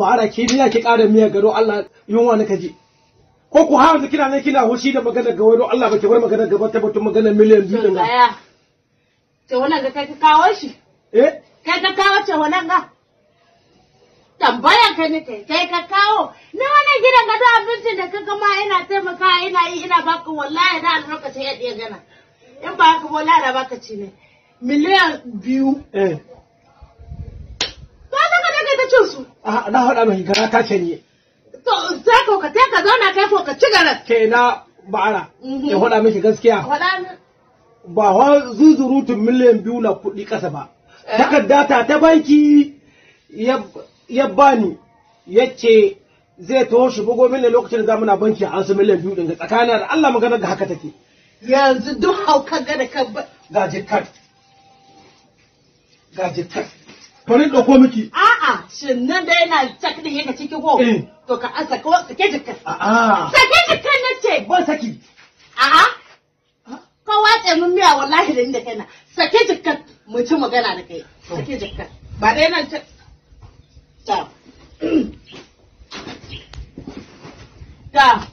bara ke biya ki ƙara miya gado Allah yunwa na kaji ko ku har kina ne kina hushi da magana ga wani Allah baki bar magana gaba ta batun magana miliyan biyu din ga to wannan ga kai ka kawo shi eh kai ka kawo ce wannan ga tambaya ka ne kai kai ka kawo na wannan gidan gado abincin da kaga ma ina taimaka ina yi ina baka wallahi da albarkacin ya gana in ba haka wallahi da baka ci ne miliyan biyu eh a ah, Na haɗa mai gara ta ce ni. To sai ko ka ta ka zauna kai ko ka ci garar. Ke na ba'ara. Ya mhm. haɗa miki gaskiya. Ba wa zuzurutun miliyan biyu na kuɗi ƙasa ba. Eh. Takarda ta ta banki ya bani ya ce zai taho shi bugo mini lokacin da muna banki an su miliyan biyu ɗin tsakanin da Allah magana da haka take. Yanzu duk haukar da ka ga jikar. Ga jikar. To ni ko miki. A'a, shin nan da yana cak ɗin yake ciki ko? Eh. To ka an saka sake jikin. A'a. Sake jikin ne ce. Ba saki. A'a. Ka watse mun miya wallahi da ni da kaina. Sake jikin mu ci magana da kai. Sake jikin. Ba dai nan cak. Ta. Ta.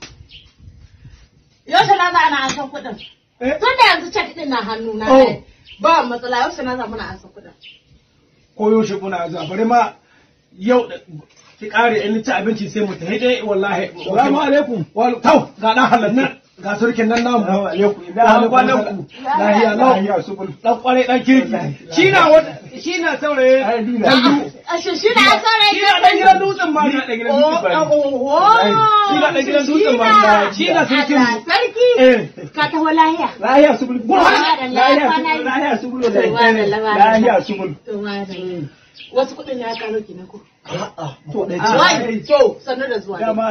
na za ana san kuɗin? Eh. Tun da yanzu cak ɗin na hannu na. Oh. Ba matsala yosha na za muna an san koyo shi kuna zuwa bari ma yau ki kare in ci abinci sai mu tafi dai wallahi assalamu alaikum wal tau ga dan halan ga surkin nan namu assalamu alaikum da kwanan ku lahiya lahiya subul dan kware dan kirki shi na shi na sauraye dallu ashe shi na sauraye shi na dan gidan dutsen ma oh, oh, oh. shi na dan gidan dutsen ma shi na dan gidan dutsen ma shi na surkin Eh. ka wasu kuɗin ya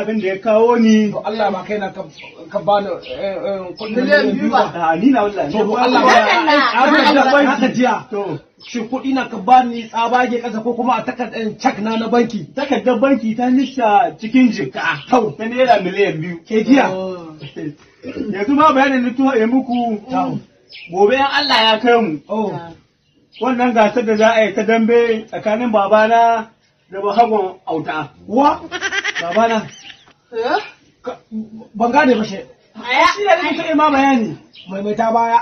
da ya kawo ni to Allah ma kaina ka ka ba eh, eh, biyu ba a ni na wallahi to Allah ma abin da bai haka jiya to shi kuɗi na ka bani tsabage kasa ko kuma a takardar cak na na banki takardar banki ta nisa cikin jika kau ta naira miliyan biyu ke jiya oh. yanzu ma bayanin da tuwa ya muku gobe yan Allah ya kai mu oh. wannan gasar da za a yi ta dambe tsakanin babana da bahagon auta wa babana eh? ban gane ba shi shi da nake kai ma bayani mai mai ta baya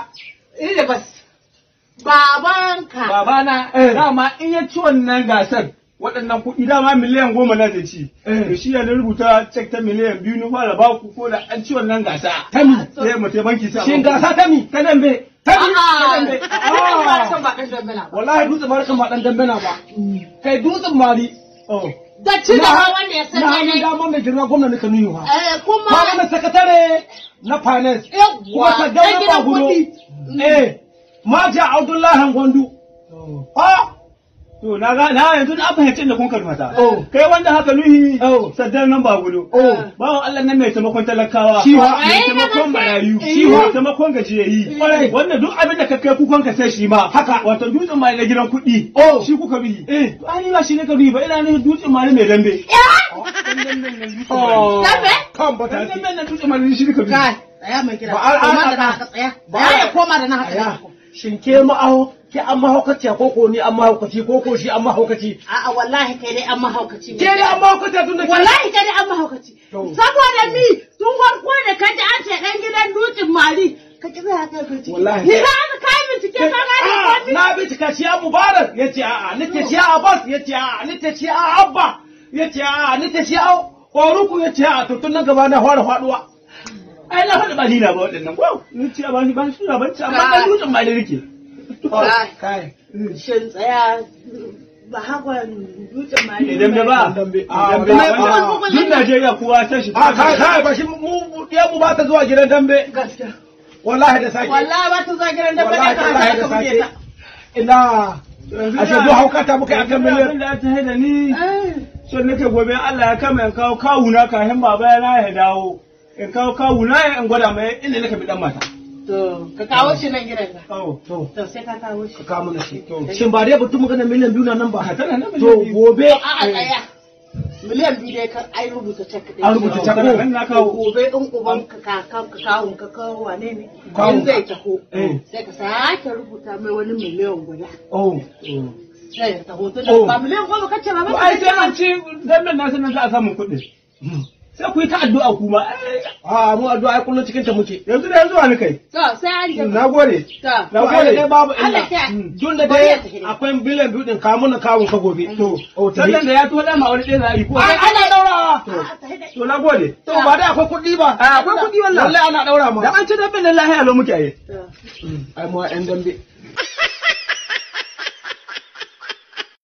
bas babanka babana eh. ma in ya ci wannan gasar waɗannan kuɗi dama miliyan goma na da ci da eh. shi na rubuta cek ta miliyan biyu na fara ba ku ko da an ci wannan gasa ta mi sai eh, mu banki sa shin gasa ta mi ta dambe ta mi ta dambe wallahi dutsen mari kan ba dan dambe na ba kai dutsen mari oh. da ci da wanda ya sani ne na mai girma kanu Kano yiwa eh, kuma kuma sakatare na finance kuma ta gaba ba gudu eh maja Abdullahi Gwandu oh. To na ga na yanzu na fahimci inda kun karfa ta. Oh. Kai wanda haka nuhi oh. saddan nan ba gudu. Oh. Bawan Allah nan mai taimakon talakawa. Shiwa mai taimakon barayu. Eh. Shiwa mai taimakon gajiyayi. Wannan duk abin da ka kai kukan ka sai shi ma. Haka wato dutsen mai na gidan kuɗi. Shi kuka bi. Eh ba shi ne ka bi ba ina ne dutsen mai mai dambe. Kan ba ta. Dambe nan dutsen mai shi ne ka bi. Kai tsaya mai kira. Ba a koma da ya koma da na haka. Shin ke ke an mahaukaci ko ko ni an mahaukaci ko ko shi an mahaukaci a'a wallahi kai dai an mahaukaci ke dai an mahaukaci tun da wallahi kai dai an mahaukaci saboda ni tun farko da ka ji an ce dan gidan dutsen mari ka ki zai ka ci wallahi ni ba ka kai bincike ka ga ni ko na bincika shi mubarak yace a'a ni ce shi abbas yace a'a ni ce shi abba yace a'a ni ce shi koruku yace a'a to tun nan gaba na fara faduwa ai na faɗi ba ni ba waɗannan ko ni ce ba ni ba shi ba ban ci amma dan dutsen mari rike Shin tsaya mali. da ba. A ah, ba shi mu mu ba ta zuwa gidan dambe. Wallahi da sake. Wallahi ba ta zuwa gidan dambe. sake. Ina. A shaidu haukata muka yi akan miliyan. da ta haida ni. Eh. Sun nake gobe Allah ya kama in kawo kawuna kafin baba ya dawo. In kawo kawuna in gwada mai inda nake bi dan mata. To, ka kawo shi nan gidan ka. Oh, to, to sai ka kawo shi. Ka kawo mana shi. To, shin ba dai batun magana miliyan biyu na nan ba? A Tana nan miliyan biyu. To, gobe. A'a, tsaya. Miliyan biyu dai kan ai rubuta cek ɗin. An rubuta cek ɗin na kawo. Gobe ɗin uban ka kakan ka kawun ka kawo wane ne? Kawun. zai taho. Eh. Sai ka sake rubuta mai wani miliyan guda. Oh. Sai ka taho. Oh. Ba miliyan goma kace ba ba. Ai sai an ci dan nan na sanin za a samu kuɗi. Hmm. sai ku yi ta addu'a ku ma a ah, mu addu'a ai kullun cikin ta muke yanzu da yanzu wani kai to sai an na gode na gode dai babu illa mm. tun da dai akwai bilan biyu din kamun na kawo ka gobe to oh, sannan da ya to da ma wani ɗaya na yi ko ana daura ah, to na gode to ba dai akwai kuɗi ba ah, akwai kuɗi wallahi wallahi ana daura ma da an ci dambe ne lahiya lo muke yi mm. ai mu ɗan dambe